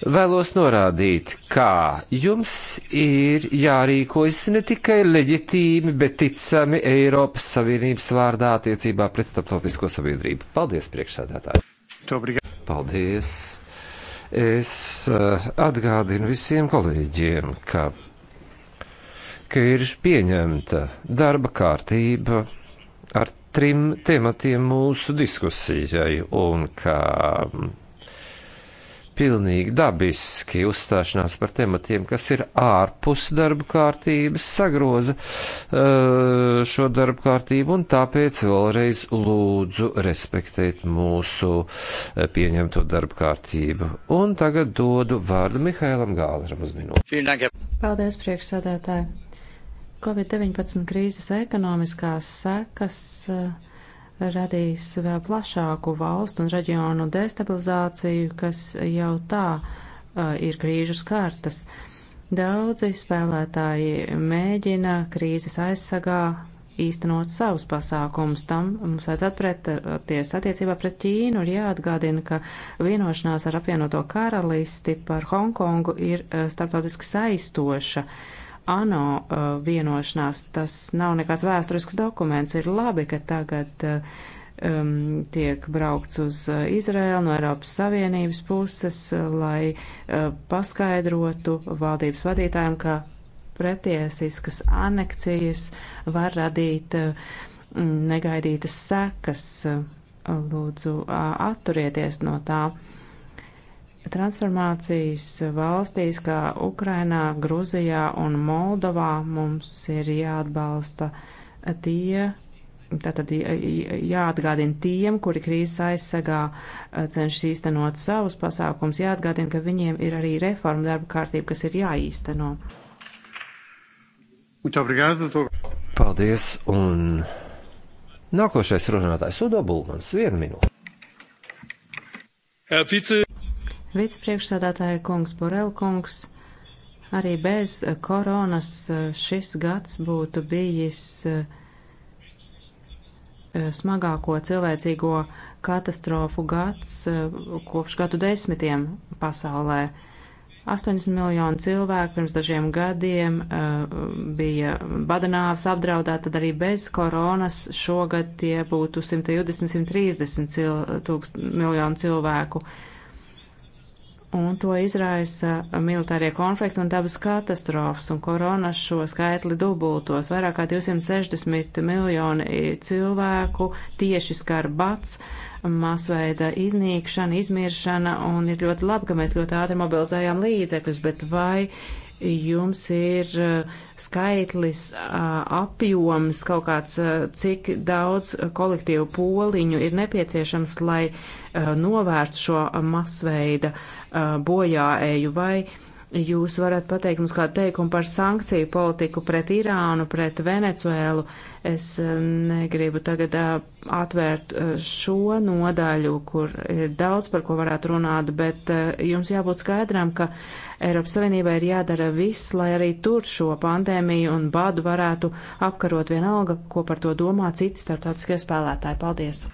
vēlos norādīt, kā jums ir jārīkojas ne tikai leģitīmi, bet ticami Eiropas Savienības vārdā attiecībā pret starptautisko sabiedrību. Paldies, priekšsēdētāji! Paldies! Es eh, atgādinu visiem kolēģiem, ka, ka ir pieņemta darba kārtība ar trim tematiem mūsu diskusijai un ka pilnīgi dabiski uzstāšanās par tematiem, kas ir ārpus darba kārtības, sagroza uh, šo darba kārtību, un tāpēc vēlreiz lūdzu respektēt mūsu eh, pieņemto darba kārtību. Un tagad dodu vārdu Mihailam Gāleram uz minūti. Paldies, priekšsēdētāji! Covid-19 krīzes ekonomiskās sekas. Uh, radīs vēl plašāku valstu un reģionu destabilizāciju, kas jau tā uh, ir krīžu skartas. Daudzi spēlētāji mēģina krīzes aizsagā īstenot savus pasākumus. Tam mums vajadzētu pretties attiecībā pret Ķīnu ir jāatgādina, ka vienošanās ar apvienoto karalisti par Hongkongu ir starptautiski saistoša. Uh, ANO uh, vienošanās. Tas nav nekāds vēsturisks dokuments. Ir labi, ka tagad uh, um, tiek braukts uz uh, Izraēlu no Eiropas Savienības puses, lai uh, paskaidrotu valdības vadītājiem, ka pretiesiskas aneksijas var radīt uh, negaidītas sekas. Lūdzu, uh, atturieties no tā. Uh, transformācijas valstīs, kā Ukrainā, Gruzijā un Moldovā, mums ir jāatbalsta tie, tātad jāatgādina tiem, kuri krīzes aizsegā eh, cenšas īstenot savus pasākums, jāatgādina, ka viņiem ir arī reforma darba kārtība, kas ir jāīsteno. Paldies, un nākošais runātājs Udo Bulmans, vienu minūti. Vicepriekšsādātāja kungs Borel kungs, arī bez koronas eh, šis gads būtu bijis eh, eh, smagāko cilvēcīgo katastrofu gads kopš gadu desmitiem pasaulē. 80 miljonu cilvēku pirms dažiem gadiem uh, bija badanāvis apdraudēti, tad arī bez koronas šogad tie būtu 120-130 cil, miljonu cilvēku. Uh, un to izraisa militārie konflikti un dabas katastrofas, un korona šo skaitli dubultos. Vairāk kā 260 miljoni cilvēku tieši skar bats, masveida iznīkšana, izmiršana, un ir ļoti labi, ka mēs ļoti ātri mobilizējām līdzekļus, bet vai jums ir uh, skaitlis, uh, apjoms, kaut kāds, uh, cik daudz kolektīvu poliņu ir nepieciešams, lai novērstu šo masveida bojāēju vai jūs varat pateikt mums kādu teikumu par sankciju politiku pret Irānu, pret Venecuēlu. Es eh, negribu tagad eh, atvērt eh, šo nodaļu, kur ir daudz par ko varētu runāt, bet jums jābūt skaidram, ka Eiropas Savienībai ir jādara viss, lai arī tur šo pandēmiju un badu varētu apkarot vienalga, ko par to domā citi starptautiskie spēlētāji. Paldies!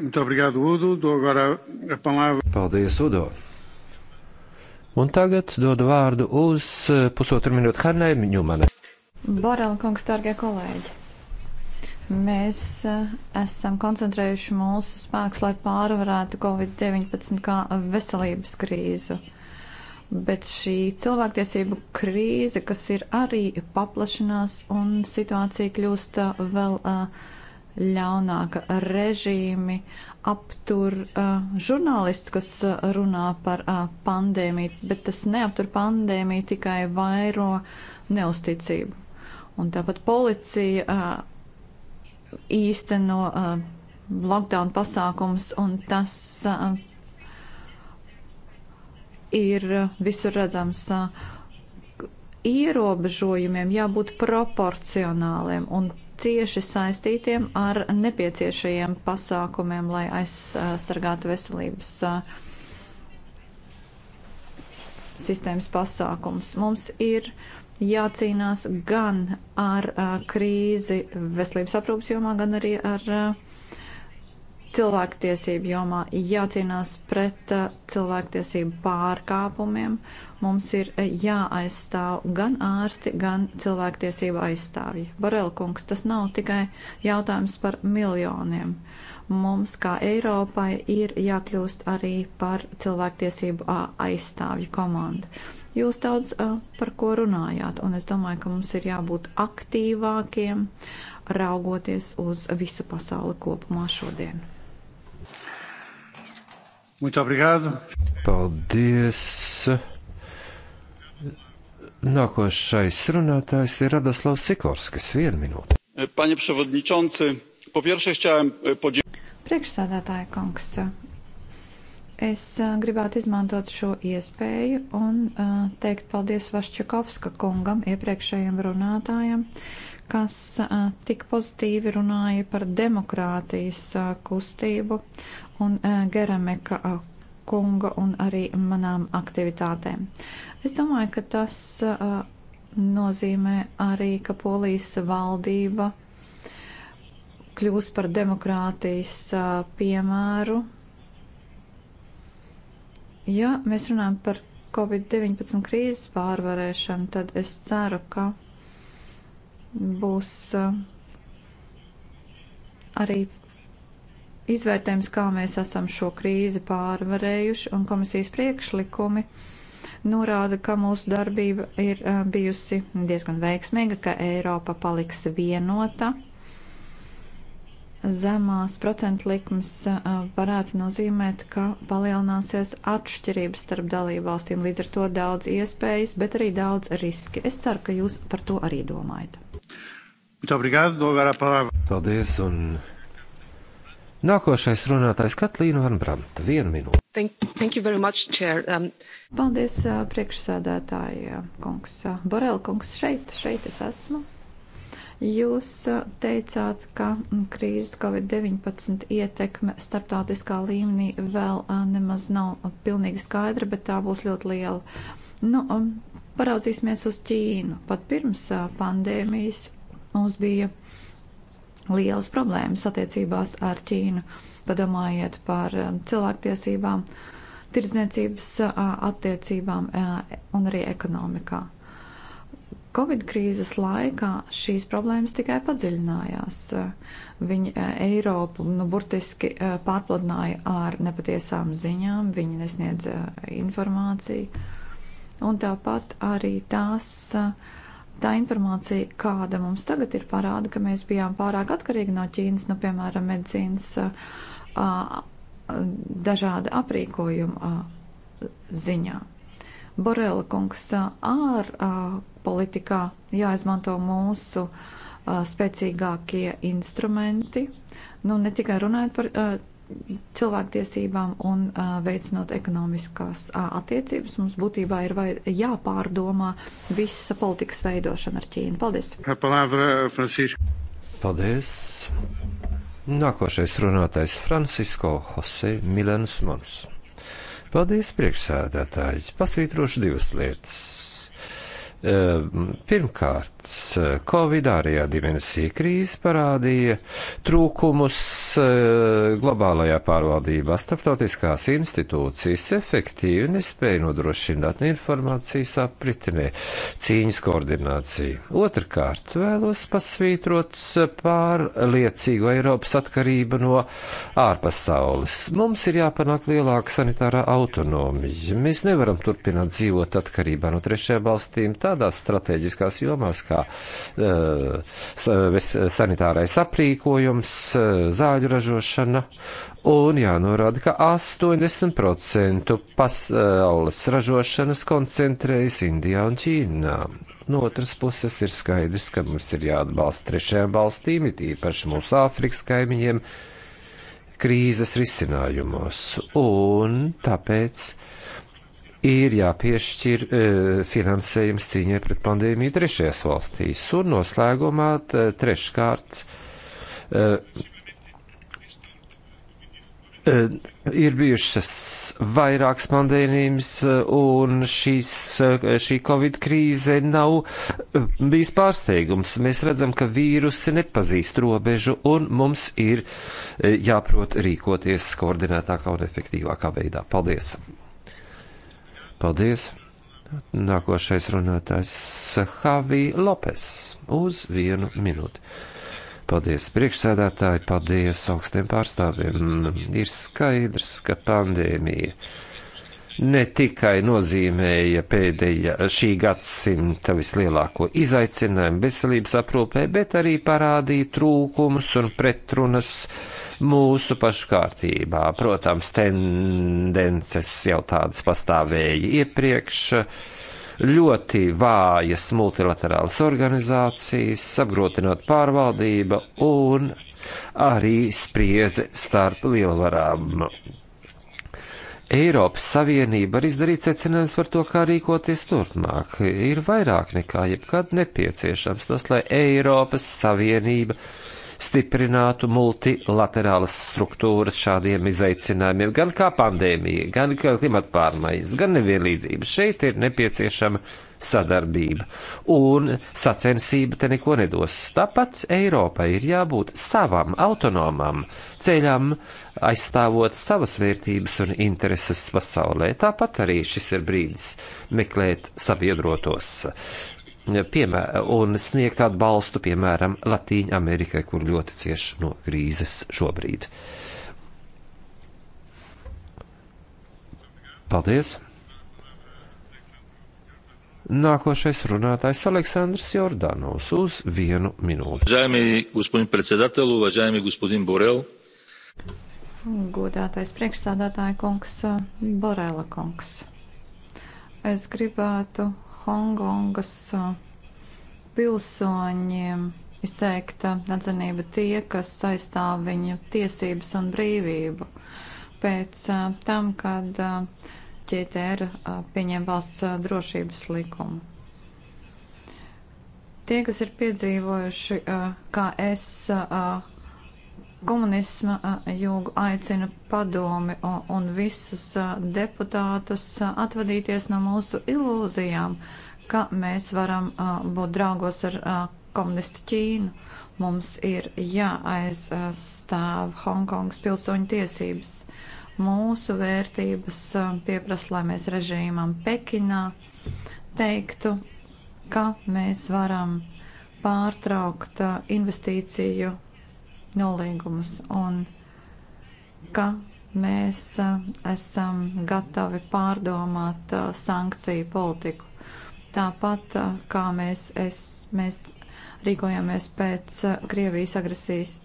Muito obrigado, Udo. Dou agora a palavra. Paldies, Udo. Un tagad dodu vārdu uz eh, pusotru minūtu Hannai Ņumanes. Borela kungs, dārgie kolēģi! Mēs eh, esam koncentrējuši mūsu spēkus, lai pārvarētu Covid-19 kā veselības krīzu. Bet šī cilvēktiesību krīze, kas ir arī paplašinās un situācija kļūst eh, vēl ļaunāka, režīmi aptur uh, žurnālistu, kas runā par uh, pandēmiju, bet tas neaptur pandēmiju, tikai vairo neusticību. Un tāpat policija uh, īsteno uh, lockdown pasākums, un tas uh, ir visur redzams. Uh, ierobežojumiem jābūt proporcionāliem, un cieši saistītiem ar nepieciešajiem pasākumiem, lai aizsargātu veselības uh, sistēmas pasākums. Mums ir jācīnās gan ar uh, krīzi veselības aprūpas jomā, gan arī ar uh, cilvēktiesību jomā, jācīnās pret uh, cilvēktiesību pārkāpumiem. Mums ir uh, jāaizstāv gan ārsti, gan cilvēktiesību aizstāvji. Borel kungs, tas nav tikai jautājums par miljoniem. Mums, kā Eiropai, ir jākļūst arī par cilvēktiesību uh, aizstāvju komandu. Jūs daudz par ko runājāt, un es domāju, ka mums ir jābūt aktīvākiem, raugoties uz visu pasauli kopumā šodien. Muito obrigado. Paldies. Nākošais runātājs ir Radoslavs Sikorskis. Vienu minūti. Panie przewodniczący, po pierwsze chciałem e, podziękować. Priekšsādātāja kungs, es e, gribētu izmantot šo iespēju un uh, teikt paldies Vaščakovska kungam, iepriekšējiem runātājiem, kas uh, tik pozitīvi runāja par demokrātijas uh, kustību un e, Geremeka e, kunga un arī manām aktivitātēm. Es domāju, ka tas e, nozīmē arī, ka polijas valdība kļūs par demokrātijas piemēru. Ja mēs runājam par Covid-19 krīzes pārvarēšanu, tad es ceru, ka būs arī izvērtējums, kā mēs esam šo krīzi pārvarējuši, un komisijas priekšlikumi norāda, ka mūsu darbība ir eh, bijusi diezgan veiksmīga, ka Eiropa paliks vienota. Zemās procentu likmes eh, varētu nozīmēt, ka palielināsies atšķirības starp dalību valstīm, līdz ar to daudz iespējas, bet arī daudz riski. Es ceru, ka jūs par to arī domājat. Paldies, un Nākošais runātājs Katlīna Vanbranta. Vienu minūti. Thank, thank you very much, Chair. Um... Paldies, uh, priekšsādātāja uh, kungs. Uh, Borel kungs, šeit, šeit es esmu. Jūs teicāt, ka mm, krīzes Covid-19 ietekme starptautiskā līmenī vēl nemaz nav pilnīgi skaidra, bet tā būs ļoti liela. Nu, um, paraudzīsimies uz Ķīnu. Pat pirms pandēmijas mums bija lielas problēmas attiecībās ar Ķīnu. Padomājiet par um, cilvēktiesībām, tirdzniecības uh, attiecībām uh, un arī ekonomikā. Covid krīzes laikā šīs problēmas tikai padziļinājās. Viņi uh, Eiropu nu, burtiski pārpludināja ar nepatiesām ziņām, viņi nesniedza informāciju. Un tāpat arī tās uh, tā informācija, kāda mums tagad ir, parāda, ka mēs bijām pārāk atkarīgi no Ķīnas, nu, piemēram, medicīnas dažāda aprīkojuma ziņā. Borela kungs ār politikā jāizmanto mūsu spēcīgākie instrumenti, nu, ne tikai runājot par cilvēktiesībām un uh, veicinot ekonomiskās uh, attiecības. Mums būtībā ir vai, jāpārdomā visa politikas veidošana ar Ķīnu. Paldies! Paldies! Nākošais runātais Francisko Jose Milens Mons. Paldies, priekšsēdētāji! Pasvītrošu divas lietas. Ehm, pirmkārt, Covid ārējā dimensija krīze parādīja trūkumus ehm, globālajā pārvaldībā. Starptautiskās institūcijas efektīvi nespēja nodrošināt informācijas apritinē, cīņas koordināciju. Otrkārt, vēlos pasvītrot pārliecīgu Eiropas atkarību no ārpasaules. Mums ir jāpanāk lielāka sanitārā autonomija. Mēs nevaram turpināt dzīvot atkarībā no trešajām valstīm. Tā tādās strateģiskās jomās kā uh, sanitārais aprīkojums, uh, zāļu ražošana. Un jānorāda, ka 80% pasaules ražošanas koncentrējas Indijā un Ķīnā. No otras puses ir skaidrs, ka mums ir jāatbalsta trešajām valstīm, it īpaši mūsu Āfrikas kaimiņiem, krīzes risinājumos. Un tāpēc ir jāpiešķir e, finansējums cīņai pret pandēmiju trešajās valstīs. Un noslēgumā t, treškārt e, e, ir bijušas vairākas pandēmijas, un šīs, e, šī Covid krīze nav e, bijis pārsteigums. Mēs redzam, ka vīrusi nepazīst robežu, un mums ir e, jāprot rīkoties koordinētākā un efektīvākā veidā. Paldies! Paldies! Nākošais runātājs Savī Lopes uz vienu minūti. Paldies priekšsēdētāji, paldies augstiem pārstāvjiem. Ir skaidrs, ka pandēmija ne tikai nozīmēja pēdējā šī gadsimta vislielāko izaicinājumu veselības aprūpē, bet arī parādīja trūkumus un pretrunas mūsu paškārtībā. Protams, tendences jau tādas pastāvēja iepriekš. Ļoti vājas multilaterālas organizācijas, apgrūtinot pārvaldība un arī spriedze starp lielvarām Eiropas Savienība var izdarīt secinājumus par to, kā rīkoties turpmāk. Ir vairāk nekā jebkad nepieciešams tas, lai Eiropas Savienība uh, stiprinātu multilaterālas struktūras šādiem izaicinājumiem, gan kā pandēmija, gan kā klimata pārmaiņas, gan nevienlīdzība. Šeit ir nepieciešama sadarbība, un sacensība te neko nedos. Tāpat Eiropai ir jābūt savam autonomam ceļam, aizstāvot savas vērtības un intereses pasaulē. Tāpat arī šis ir brīdis meklēt sabiedrotos piemēr, un sniegt atbalstu, piemēram, Latīņa Amerikai, kur ļoti cieši no krīzes šobrīd. Paldies! Nākošais runātājs Aleksandrs Jordānos uz vienu minūti. Žēmīgi, gospodin predsedatelu, vai žēmīgi, gospodin Borel. Godātais priekšsādātāja kungs, Borela kungs. Es gribētu Hongkongas pilsoņiem izteikta atzinība tie, kas aizstāv viņu tiesības un brīvību. Pēc tam, kad ČTR pieņem valsts drošības likumu. Tie, kas ir piedzīvojuši, kā es komunisma jūgu aicina padomi un visus deputātus atvadīties no mūsu ilūzijām, ka mēs varam būt draugos ar komunistu Ķīnu. Mums ir jāaizstāv Hongkongas pilsoņu tiesības. Mūsu vērtības pieprasa, lai mēs režīmam Pekinā teiktu, ka mēs varam pārtraukt investīciju nolīgumus un ka mēs esam gatavi pārdomāt sankciju politiku. Tāpat kā mēs, es, mēs rīkojāmies pēc Krievijas agresijas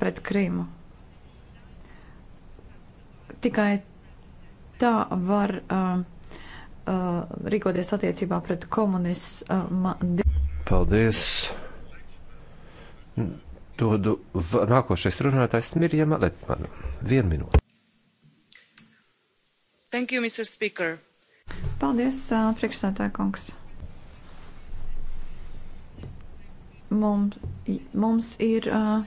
pret Krimu. Tikai tā var uh, uh, rīkoties attiecībā pret komunismu. Paldies! dodu nākošais runātājs Mirjama Letmana. Vienu minūti. Thank you, Mr. Speaker. Paldies, priekšsētāja kungs. Mums, mums ir uh,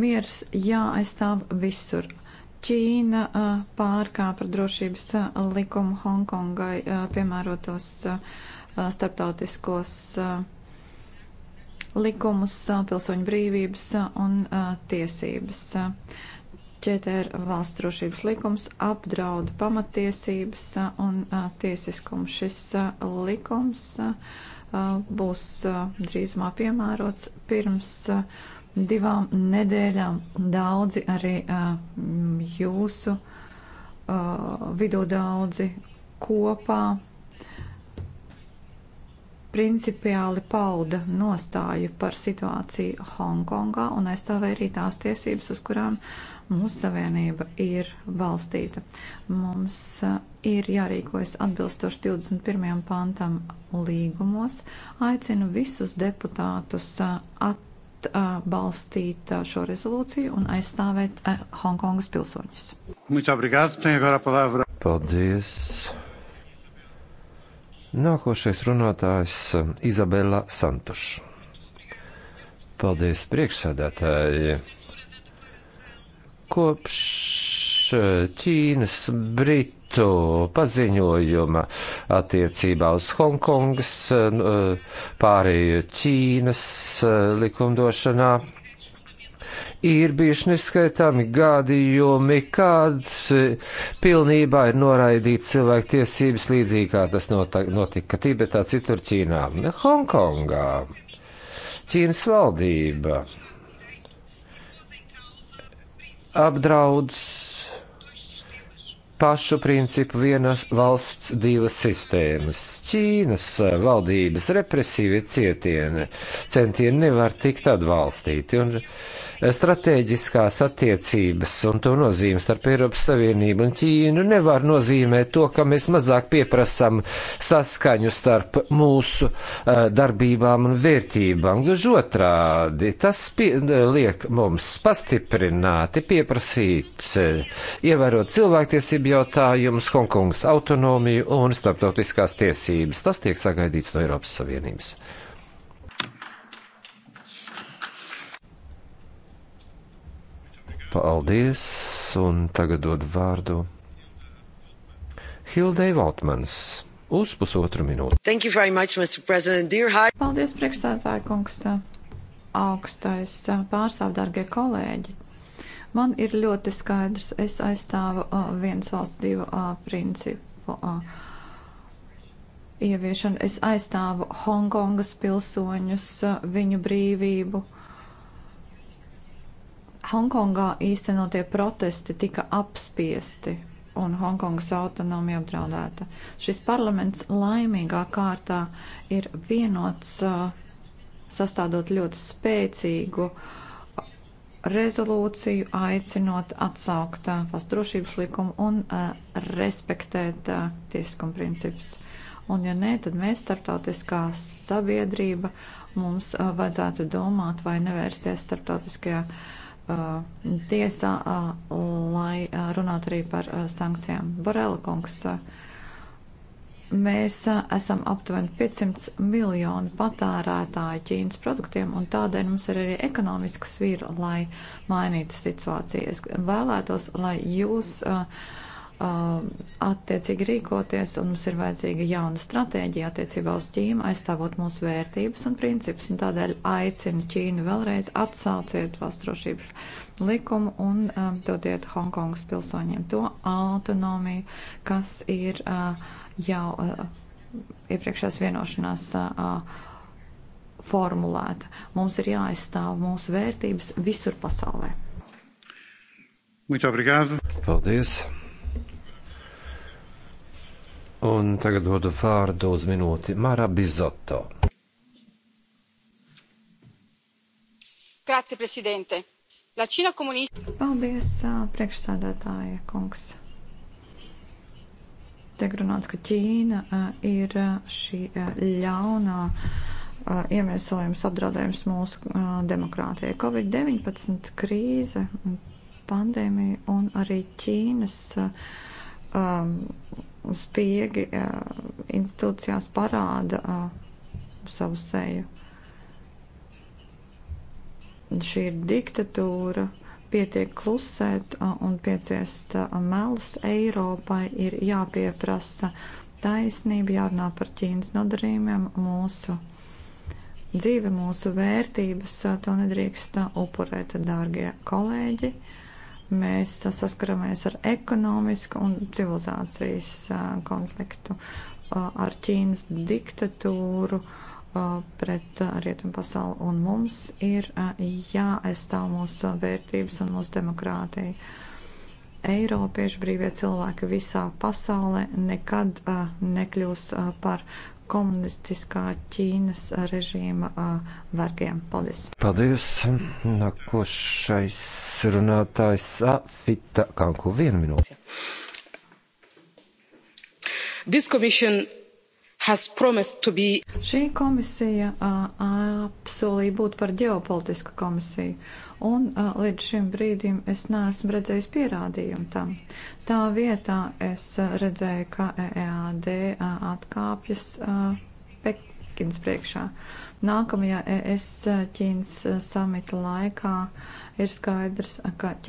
miers jāaizstāv visur. Ķīna uh, pārkāpa drošības uh, likumu Hongkongai uh, piemērotos uh, starptautiskos. Uh, likumus, pilsoņu brīvības un tiesības. ČTR valsts drošības likums apdraud pamatiesības un tiesiskumu. Šis likums būs drīzumā piemērots pirms divām nedēļām. Daudzi arī jūsu vidū daudzi kopā principiāli pauda nostāju par situāciju Hongkongā un aizstāvēja arī tās tiesības, uz kurām mūsu savienība ir balstīta. Mums uh, ir jārīkojas atbilstoši 21. pantam līgumos. Aicinu visus deputātus uh, atbalstīt uh, šo rezolūciju un aizstāvēt Hongkongas pilsoņus. Paldies! Nākošais runātājs um, Izabela Santuša. Paldies, priekšsēdētāji! Kopš uh, Ķīnas Brit citu paziņojuma attiecībā uz Hongkongas uh, uh, pārēju Ķīnas likumdošanā ir bijuši neskaitāmi gadījumi, kāds e, pilnībā ir noraidīts cilvēktiesības līdzīgi, kā tas notika Tibetā, citur Ķīnā, Hongkongā. Ķīnas valdība apdraud pašu principu vienas valsts divas sistēmas. Ķīnas valdības represīvie cietieni centieni nevar tikt atbalstīti, un Stratēģiskās attiecības un to nozīme starp Eiropas Savienību un Ķīnu nevar nozīmēt to, ka mēs mazāk pieprasam saskaņu starp mūsu eh, darbībām un vērtībām. Gluži otrādi, tas pie, liek mums pastiprināti pieprasīt, eh, ievērot cilvēktiesību jautājumus, Hongkongas autonomiju un starptautiskās tiesības. Tas tiek sagaidīts no Eiropas Savienības. Paldies, un tagad dod vārdu Hildei Valtmans uz pusotru minūti. Much, Dear... Paldies, priekšstādātāja kungs, augstais pārstāv, dargie kolēģi. Man ir ļoti skaidrs, es aizstāvu uh, viens valsts divu uh, principu uh, ieviešanu. Es aizstāvu Hongkongas pilsoņus, uh, viņu brīvību. Uh, Hongkongā īstenotie protesti tika apspiesti un Hongkongas autonomija apdraudēta. Šis parlaments laimīgā kārtā ir vienots, sastādot ļoti spēcīgu rezolūciju, aicinot atsaukt valsts drošības likumu un respektēt tiesiskuma principus. Un ja nē, tad mēs starptautiskā sabiedrība mums vajadzētu domāt vai nevērsties starptautiskajā uh, Uh, tiesā, uh, lai uh, runātu arī par sankcijām. Borela kungs, mēs esam aptuveni 500 miljoni patērētāji Ķīnas produktiem, un tādēļ mums ir arī ekonomiska svīra, lai mainītu situāciju. Es vēlētos, lai jūs. Uh, Um, attiecīgi rīkoties, un mums ir vajadzīga jauna stratēģija attiecībā uz Ķīnu, aizstāvot mūsu vērtības un principus. Un tādēļ aicinu Ķīnu vēlreiz atsauciet valsts drošības likumu un um, dotiet Hongkongas pilsoņiem to autonomiju, kas ir uh, jau uh, iepriekšējās vienošanās. Uh, uh formulēta. Mums ir jāaizstāv mūsu vērtības visur pasaulē. Muito obrigado. Paldies. Un tagad dodu vārdu uz minūti Mara Bizotto. Grazie, prezidente. La Cina komunista. Paldies, priekšsādātāja kungs. Tiek runāts, ka Ķīna ir šī ļaunā iemiesojums, apdraudējums mūsu demokrātijai. Covid-19 krīze, pandēmija un arī Ķīnas um, spiegi institūcijās parāda savu seju. Šī ir diktatūra, pietiek klusēt un pieciest melus Eiropai ir jāpieprasa taisnība, jārunā par Ķīnas nodarījumiem mūsu dzīve, mūsu vērtības, to nedrīkst upurēt, dārgie kolēģi mēs saskaramies ar ekonomisku un civilizācijas konfliktu, ar Ķīnas diktatūru pret rietumu pasauli, un mums ir jāaizstāv mūsu vērtības un mūsu demokrātija. Eiropiešu brīvie cilvēki visā pasaulē nekad nekļūs par komunistiskā Ķīnas režīma uh, vergiem. Paldies! Paldies! Nākošais runātājs Afita Kanku. Vienu minūti. This commission Be... Šī komisija apsolīja būt par ģeopolitisku komisiju, un a, līdz šim brīdim es neesmu redzējis pierādījumu tam. Tā vietā es a, redzēju, ka EAD e a, atkāpjas Pekinas priekšā. Nākamajā ES Ķīnas samita laikā ir skaidrs, ka Ķīna.